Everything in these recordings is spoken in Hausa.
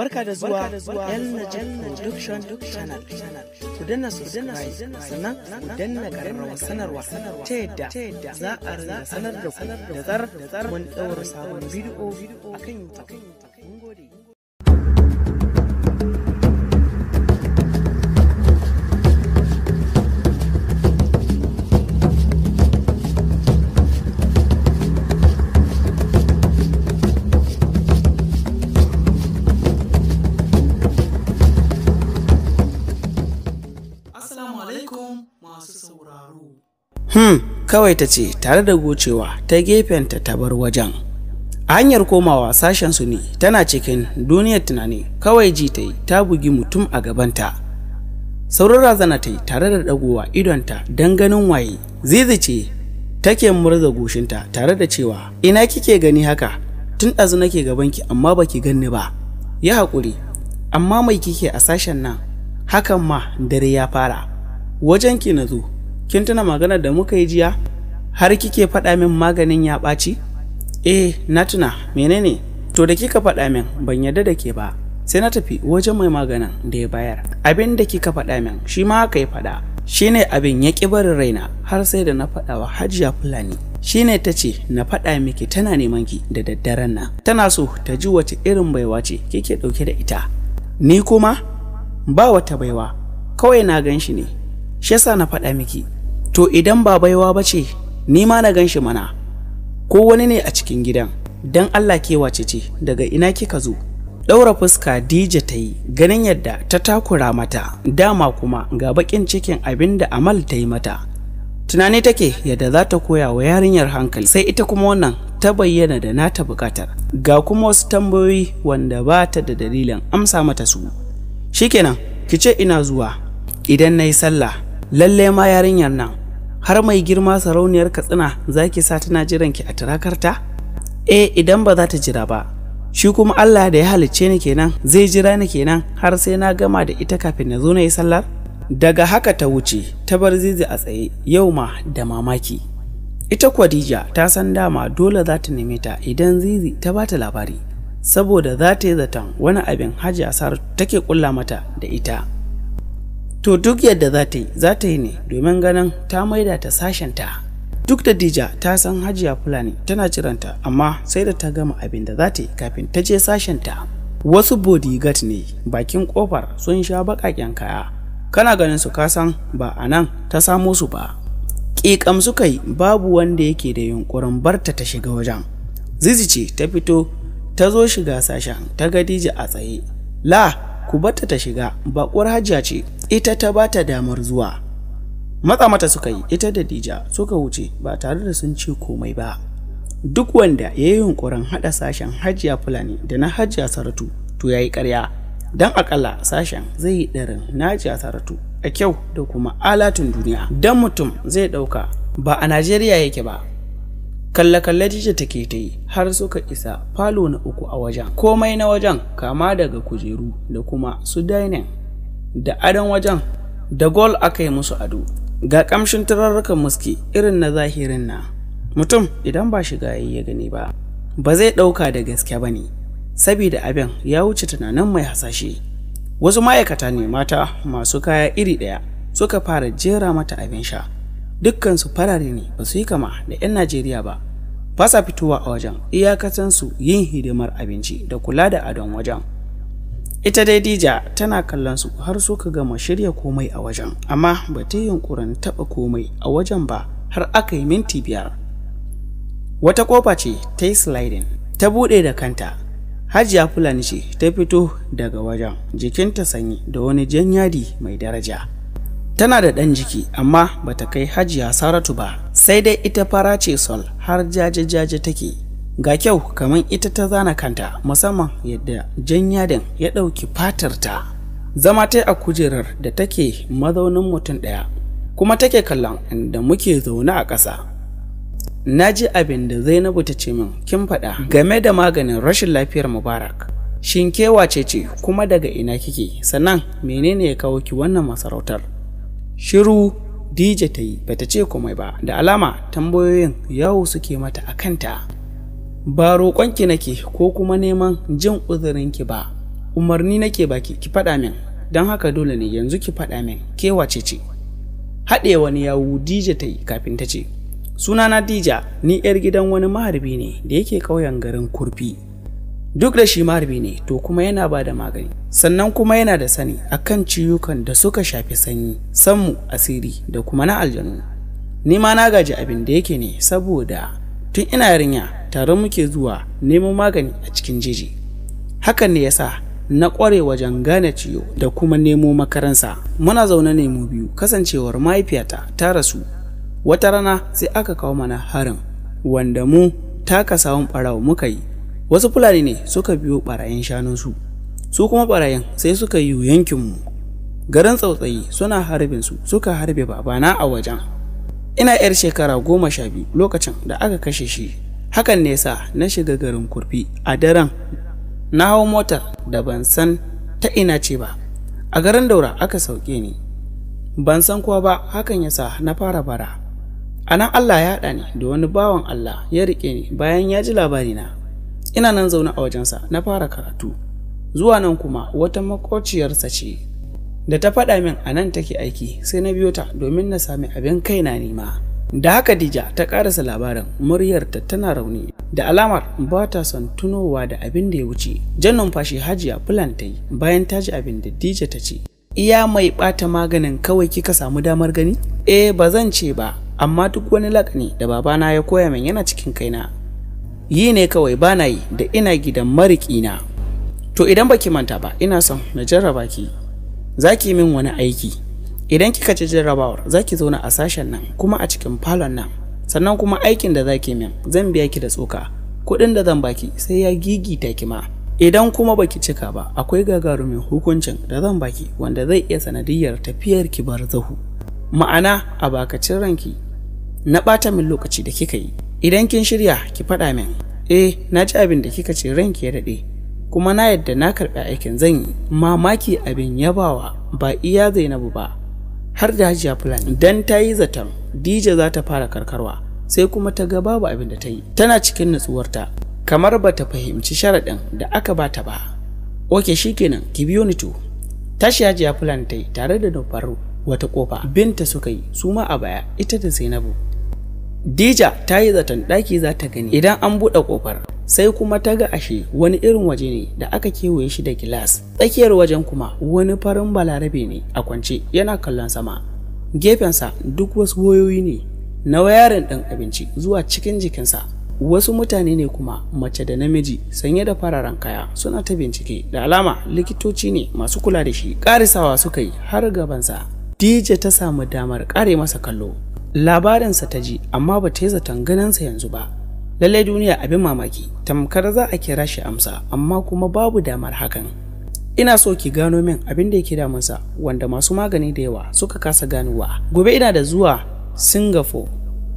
Barka da zuwa El Najib Production Channel. Ku danna subscribe sannan ku danna karamar sanarwa ta yadda za a rinda sanar da ku da zar mun ɗaura sabon bidiyo a kan YouTube. Mun gode. hmm kawai ta ce tare da gocewa ta gefenta ta bar wajen a hanyar komawa sashen su ne tana cikin duniyar tunani kawai ji ta yi ta bugi mutum a gabanta sauran razana ta yi tare da dagowa idonta don ganin waye zizi ce take murza goshinta tare da cewa ina kike gani haka tun ɗazu nake gabanki amma baki ganni ba ya haƙuri amma mai kike a sashen nan hakan ma dare ya fara Wajen ki na zo kin tuna maganar da muka yi jiya har kike faɗa min maganin ya ɓaci eh na tuna menene to da kika faɗa min ban yarda da ke ba sai na tafi wajen mai maganin da ya bayar abin da kika faɗa min shi ma haka ya faɗa shine abin ya ƙi barin raina har sai da na faɗa wa hajiya fulani shine ta ce na faɗa miki tana neman ki da daddaren nan tana so ta ji wace irin baiwa ce kike ɗauke da ita ni kuma ba wata baiwa kawai na gan shi ne shi yasa na faɗa miki to idan ba baiwa ba ce ni ma na gan shi mana ko wani ne a cikin gidan don Allah ke wace ce daga ina kika zo ɗaura fuska dija ta yi ganin yadda ta takura mata dama kuma ga baƙin cikin abinda da amal ta yi mata tunani take yadda za ta koya wa yarinyar hankali sai ita kuma wannan ta bayyana da nata buƙatar ga kuma wasu tambayoyi wanda ba ta da dalilin amsa mata su shikenan ki ce ina zuwa idan na yi sallah lalle ma yarinyar nan har mai girma sarauniyar katsina za ki sa tana jiran ki a turakarta eh idan ba za ta jira ba shi kuma Allah da ya halicce ni kenan zai jira ni kenan har sai na gama da ita kafin na zo na yi sallar daga haka ta wuce ta bar zizi a tsaye yau ma da mamaki ita kwadija ta san dama dole za ta neme ta idan zizi ta ba ta labari saboda za ta yi zaton wani abin hajji asar take kulla mata da ita to duk yadda za ta yi za ta yi ne domin ganin ta maida ta sashen ta duk da dija ta san hajiya fulani tana jiranta amma sai da ta gama abin da za ta yi kafin ta je sashen ta wasu bodyguard ne bakin kofar sun sha baƙaƙen kaya kana ganin su kasan ba a nan ta samo su ba ƙiƙam suka yi babu wanda yake da yunƙurin barta ta shiga wajen zizi ce ta fito ta zo shiga sashen ta ga dija a tsaye la ku barta ta shiga baƙuwar hajiya ce ita ta ba ta damar zuwa matsa mata suka yi ita da dija suka wuce ba tare da sun ce komai ba duk wanda ya yi yunkurin haɗa sashen hajiya fulani da na hajiya saratu to ya yi ƙarya don akalla sashen zai yi ɗarin najiya saratu a kyau da kuma alatun duniya don mutum zai ɗauka ba a najeriya yake ba kalle-kalle jije take ta yi har suka isa falo na uku a wajen komai na wajen kama daga kujeru da kuma su dining da adon wajen da gol aka yi musu ado ga kamshin tararrukan muski irin na zahirin na mutum idan ba shiga yayi ya gani ba ba zai ɗauka da gaske ba ne saboda abin ya wuce tunanin mai hasashe wasu ma'aikata ne mata masu kaya iri ɗaya suka fara jera mata abin sha dukkansu farare ne ba su yi kama da 'yan najeriya ba ba sa fitowa a wajen iyakacinsu yin hidimar abinci da kula da adon wajen ita dai dija tana kallon su har suka gama shirya komai a wajen amma ba ta yunkurin taɓa komai a wajen ba har aka yi minti biyar wata ƙofa ce ta yi sliding ta buɗe da kanta hajiya fulani ce ta fito daga wajen jikinta sanyi da wani jan yadi mai daraja tana da ɗan jiki amma ba ta kai hajiya saratu ba sai dai ita fara ce sol har jaje-jaje take ga kyau kamar ita ta zana kanta musamman yadda jan yadin ya ɗauki ta. zama ta a kujerar da take mazaunin mutum ɗaya kuma take kallon inda muke zaune a ƙasa na ji abin da zainabu ta ce min kin faɗa game da maganin rashin lafiyar mubarak shin ke wace ce kuma daga ina kike sannan menene ya kawo ki wannan masarautar shiru dj ta yi bata ce komai ba da alama tambayoyin yawo suke mata a kanta ba roƙonki nake ko kuma neman jin uzurinki ba umarni nake baki ki faɗa min don haka dole ne yanzu ki faɗa min ke wace ce haɗe wani yawu dija ta yi kafin ta ce sunana dija ni yar gidan wani maharbi ne da yake ƙauyen garin kurfi duk da shi maharbi ne to kuma yana ba da magani sannan kuma yana da sani akan ciwukan da suka shafi sanyi sanmu asiri da kuma na aljanu ni ma na gaji abin da yake ne saboda tun ina yarinya tare muke zuwa neman magani a cikin jeji hakan ne yasa na ƙware wajen gane ciwo da kuma nemo makaransa muna zaune ne mu biyu kasancewar mahaifiyata ta rasu wata rana sai aka kawo mana harin wanda mu taka sawun ɓarawo muka yi wasu fulani ne suka biyo ɓarayin shanunsu su kuma ɓarayin sai suka yi yankinmu garin tsautsayi suna harbin su suka harbe babana a wajen ina 'yar shekara goma sha biyu lokacin da aka kashe shi hakan ne sa na shiga garin kurfi a daren na hau motar da ban san ta ina ce ba a garin daura aka sauke ni ban san kuwa ba hakan ya sa na fara bara a nan allah ya haɗa ni da wani bawan allah ya riƙe ni bayan ya ji labari na. ina nan zaune a wajensa na fara karatu zuwa nan kuma wata makociyarsa ce da ta faɗa min a nan take aiki sai na biyo ta domin na sami abin kai na nema. da haka dija ta ƙarasa labarin muryarta tana rauni da alamar ba ta son tunowa da abin da ya wuce jan numfashi hajiya fulan ta yi bayan ta ji abin da dija ta ce iya mai ɓata maganin kawai kika samu damar gani eh ba zan ce ba amma duk wani lakani da babana ya koya min yana cikin kaina yi ne kawai bana yi da ina gidan marikina to idan baki manta ba ina son na jarraba ki za ki min wani aiki idan kika ci jarrabawar za ki zauna a sashen nan kuma a cikin falon nan sannan kuma aikin da za ki min zan biya ki da tsoka kuɗin da zan baki sai ya gigita ki ma idan kuma baki cika ba akwai gagarumin hukuncin da zan baki wanda zai iya sanadiyar tafiyar ki bar zahu ma'ana a bakacin ranki na ɓata min lokaci da kika yi idan kin shirya ki faɗa min eh na ji abin da kika ce ranki ya daɗe kuma na yadda na karɓi aikin zan yi mamaki abin yabawa ba iya zainabu ba har da hajiya fulani dan ta yi zaton dija za ta fara karkarwa sai kuma ta ga babu abin da ta yi tana cikin natsuwarta kamar ba ta fahimci sharaɗin da aka ba ta ba oke shikenan ki biyo ni to tashi hajiya fulani ta yi tare da nufaru wata kofa binta suka yi su ma a baya ita da zainabu dija ta yi zaton ɗaki za ta gani idan an buɗe ƙofar sai kuma ta ga ashe wani irin waje ne da aka kewaye shi da gilas tsakiyar wajen kuma wani farin balarabe ne a kwance yana kallon sama gefensa duk wasu wayoyi ne na wayarin ɗan abinci zuwa cikin jikinsa wasu mutane ne kuma mace da namiji sanye da fararen kaya suna ta bincike da alama likitoci ne masu kula da shi ƙarisawa suka yi har gabansa dj ta samu damar kare masa kallo labarinsa ta ji amma ba ta yi zaton ganinsa yanzu ba lallai duniya abin mamaki tamkar za a kira shi amsa amma kuma babu damar hakan ina so ki gano min abin da yake damunsa wanda masu magani da yawa suka kasa ganowa gobe ina da zuwa singapore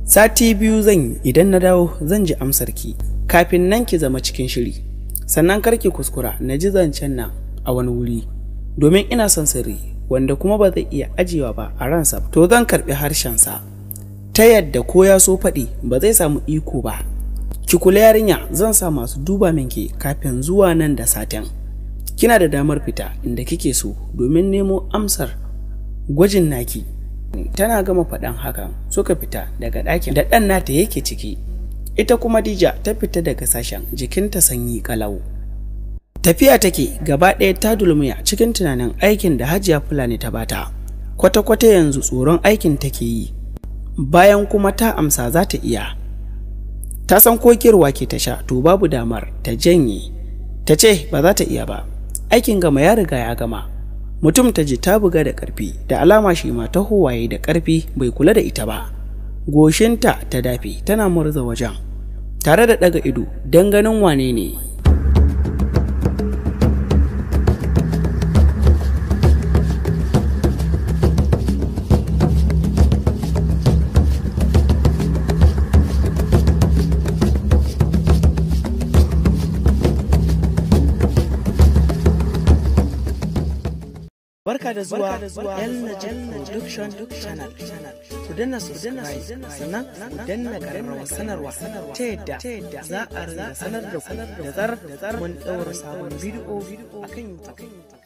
sati biyu zan yi idan na dawo zan ji amsar ki kafin nan ki zama cikin shiri sannan kar ki kuskura na ji zancen nan a wani wuri domin ina son sirri wanda kuma ba zai iya ajiyewa ba a ransa to zan karbi harshensa ta yadda ko ya so faɗi ba zai samu iko ba Ki kula yarinya zan sa masu duba minki kafin zuwa nan da satin. Kina da damar fita inda kike so domin nemo amsar gwajin naki. Tana gama faɗan hakan suka fita daga ɗakin da ɗan nata yake ciki. Ita kuma Dija ta fita daga sashen jikinta sanyi kalau. Tafiya take gaba ɗaya ta dulmiya cikin tunanin aikin da Hajiya Fulani ta bata. Kwata-kwata yanzu tsoron aikin take yi. Bayan kuma ta amsa za ta iya. ta san kirwa ke ta sha to babu damar ta janye ta ce ba za ta iya ba aikin gama ya riga ya gama mutum ta ji ta buga da ƙarfi da alama shi ma ta howaye da ƙarfi bai kula da ita ba goshinta ta dafi tana murza wajen tare da ɗaga ido don ganin wane ne Barka da zuwa Yalla Jalla Production Channel. Ku danna subscribe sannan ku danna karamar sanarwa ta yadda za a sanar da ku da zar mun daura sabon bidiyo akan YouTube.